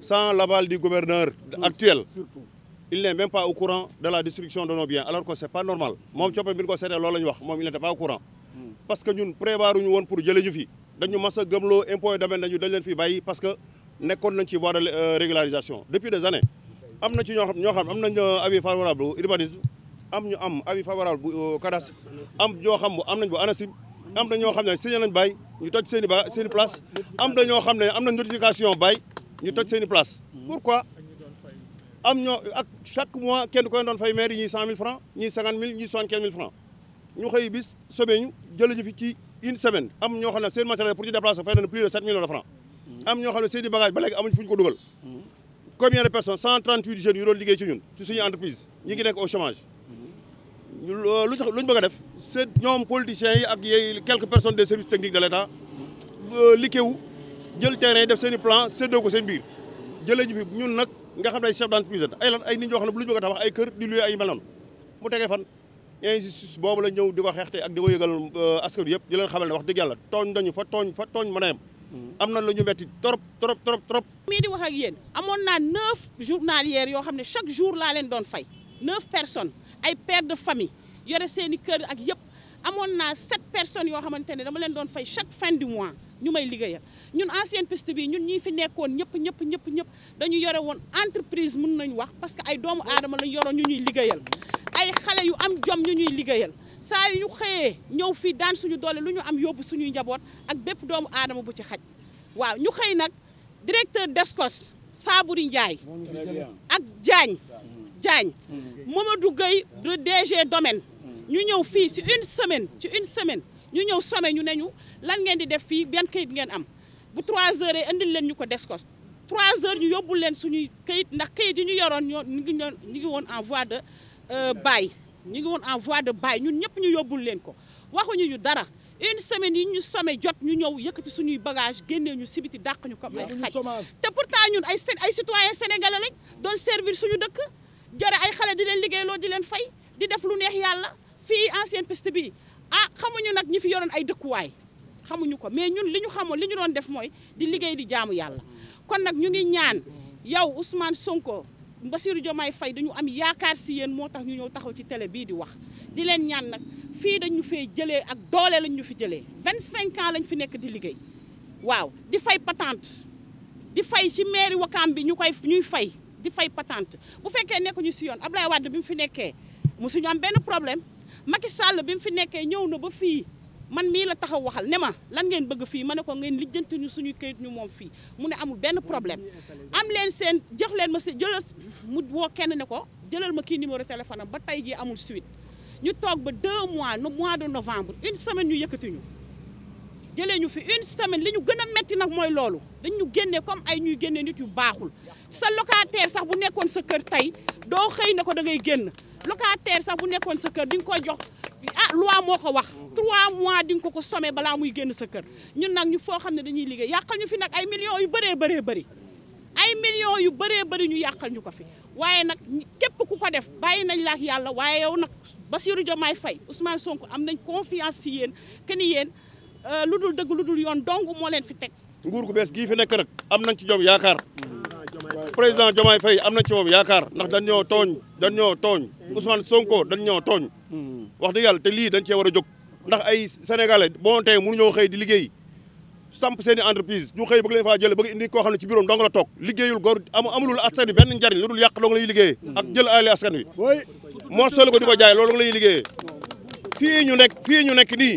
sans l'aval du gouverneur actuel. Il n'est même pas au courant de la destruction de nos biens, alors que ce n'est pas normal. Mom Tchopé Binko Séré, il n'était pas au courant. Hmm. Parce que nous préparons pour les du Nous avons gomelé l'impôt et domaine de la Fibaï parce que nous avons une voie de euh, régularisation. Depuis des années, nous avons un avis favorable au urbanisme, nous avons un avis favorable au euh, cadastre, nous avons un avis favorable am na ñoo xam ne signé nañ bay ñu ba place am na ñoo xam ne am notification bay nous avons une place. Pourquoi Chaque mois, quelqu'un a maire 100 000 francs, 50 000, ni 75 000 francs. Nous avons une semaine, nous avons fait une semaine. Nous avons fait place à pour de plus de 7 000 francs. Nous avons fait des bagages, nous avons fait une francs. Combien de personnes 138 jeunes, nous avons fait une entreprise. Nous avons fait au chômage. Nous avons fait c'est nos politiciens et quelques personnes des services techniques de l'État. Nous euh, avons jël terrain def seen i plan séddoo ko seen biir jëlee ñu fi ñun nag nga xam ne ay chef d'entreprise ay lan ay nit ñoo xam ne bu lu ñu ay kër di luye ay mel noonu mu tegee fan injustice boobu la ñëw di ko xeexte ak di ko yëgal euh, askan yëpp di leen xamal ne wax dëgg yàlla tooñ dañu fa tooñ fa tooñ a mm-hmm. am na lu ñu metti trop trop trop trop mii wax ak yéen amoon naa neuf journalières yoo xam ne chaque jour laa leen doon fay neuf personnes ay pères de famille yore seeni kër ak yëpp amoon naa sept personnes yoo xamante ne dama leen doon fay chaque fin du mois ñu may liggéeyal ñun ancienne piste bi ñun ñii fi nekkoon ñëpp ñëpp ñëpp ñëpp dañu yore woon entreprise mun nañ wax parce que ay doomu aadama lañ yoroon ñu ñuy liggéeyal ay xale yu am jom ñu ñuy liggéeyal saa yu xëyee ñëw fii daan suñu doole lu ñu am yóbbu suñuy njaboot ak bépp doomu aadama bu ci xaj waaw ñu xëy nag directeur DSCOS Saaburi Ndiaye ak Diagne Diagne Mamadou Gueye de DG domaine ñu ñëw fii ci une semaine ci une semaine ñu ñëw some ñu ne ñu lan ngeen di def fii benn kayit ngeen am bu 3 heures yi indil leen ñu ko descos 3 heures ñu yóbbul leen suñuy këyit ndax këyit yi ñu yoroon ñoo ñu ngi ñu ngi woon en voie de euh, ñu ngi woon en de bail ñun ñëpp ñu yóbbul leen ko waxuñu ñu dara une semaine yi ñu some jot ñu ñëw yëkkati suñuy bagage génnee ñu sibiti dàq ñu comme ay xaj te pourtant ñun ay ay citoyen sénégalais lañ doon servir suñu dëkk jore ay xale di leen liggéeyloo di leen fay di def lu neex yàlla fii ancienne piste bi ah xamuñu nag ñi fi yoroon ay dëkkuwaay xamuñu ko mais ñun li ñu xamoon li ñu doon def mooy di liggéey di jaamu yàlla kon nag ñu ngi ñaan yow Ousmane Sonko Bassirou Diomaye Faye dañu am yaakaar si yéen moo tax ñu ñëw taxaw ci télé bii di wax di leen ñaan nag fii dañu fee jëlee ak doole lañ ñu fi jëlee vingt cinq ans lañ fi nekk di liggéey waaw di fay patente di fay ci mairie Wakaam bi ñu koy ñuy fay di fay patente bu fekkee nekkuñu si yoon Ablaye Wade bi mu fi nekkee mu mosuñu am benn problème Macky Sall bi mu fi nekkee ñëw na ba fii man mii la taxaw waxal ne ma lan ngeen bëgg fii ma ne ko ngeen lijjanti suñu kayit ñu moom fii mu ne amul benn problème am leen seen jox leen ma si jëlal mu woo kenn ne ko jëlal ma kii numéro téléphone ba tey jii amul suite ñu toog ba deux mois mois de novembre une semaine ñu yëkkatiñu jëlee ñu fi une semaine li ñu gën metti nak moy lolu dañ ñu génne comme ay ñuy génne nit yu baaxul sa locataire sax bu nekkon sa kër tay do xey ne ko da ngay génn locataire sax bu nekkon sa kër di nga koy jox ah loi moko wax 3 mois di nga ko ko somé bala muy génn sa kër ñun nak ñu fo xamné dañuy liggé yàqal ñu fi nak ay millions yu béré béré bëri ay millions yu béré béré ñu yàqal ñu ko fi waaye nak képp ku ko def bàyyi nañ la ak yalla waaye yow nak Bassirou Diomaye fay Ousmane Sonko am nañ confiance ci yeen que ni yéen Euh, lu dul dëgg lu dul yoon dong moo leen fi teg. nguur gu bees gii fi nekk nag am nañ ci jom yaakaar président Diomaye Faye am nañ ci yaakaar ndax dañ ñoo tooñ dañ ñoo tooñ Ousmane Sonko dañ ñoo tooñ wax dëgg yàlla te lii dañ cee war a jóg ndax ay sénégalais bon tey mënu ñoo xëy di liggéey samp seen i entreprise ñu xëy bëgg leen faa jële bëgg indi koo xam ne ci bureau dong la toog liggéeyul góor am amulul askan bi benn njariñ lu dul yàq dong lay liggéeyee ak jël alali askan bi moo solo ko ko jaay loolu dong lay liggéeyee ñu nekk fii ñu nekk nii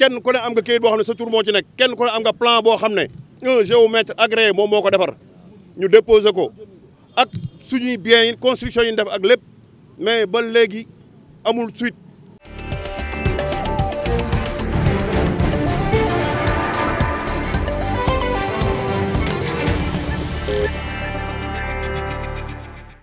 kenn ku ne am nga kayit boo xam ne sa tour moo ci nekk kenn ku ne am nga plan boo xam ne un géomètre agréé moom moo ko defar ñu déposé ko ak suñuy bien yi construction yi def ak lépp mais ba léegi amul suite